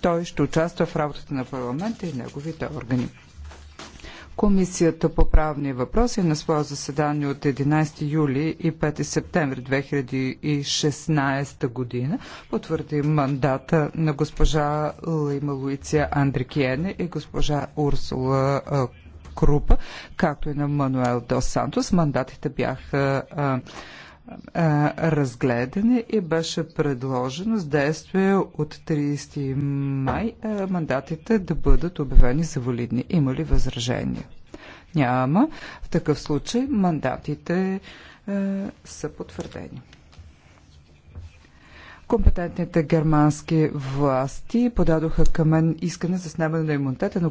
той ще участва в работата на парламента и неговите органи. Комисията по правни въпроси на свое заседание от 11 юли и 5 септември 2016 година потвърди мандата на госпожа Лейма Луиция Андрикиене и госпожа Урсула Крупа, както и на Мануел Дос Сантос. Мандатите бяха разгледане и беше предложено с действие от 30 май мандатите да бъдат обявени за валидни. Има ли възражения? Няма. В такъв случай мандатите са потвърдени. Компетентните германски власти подадоха към мен искане за снемане на имунитета, но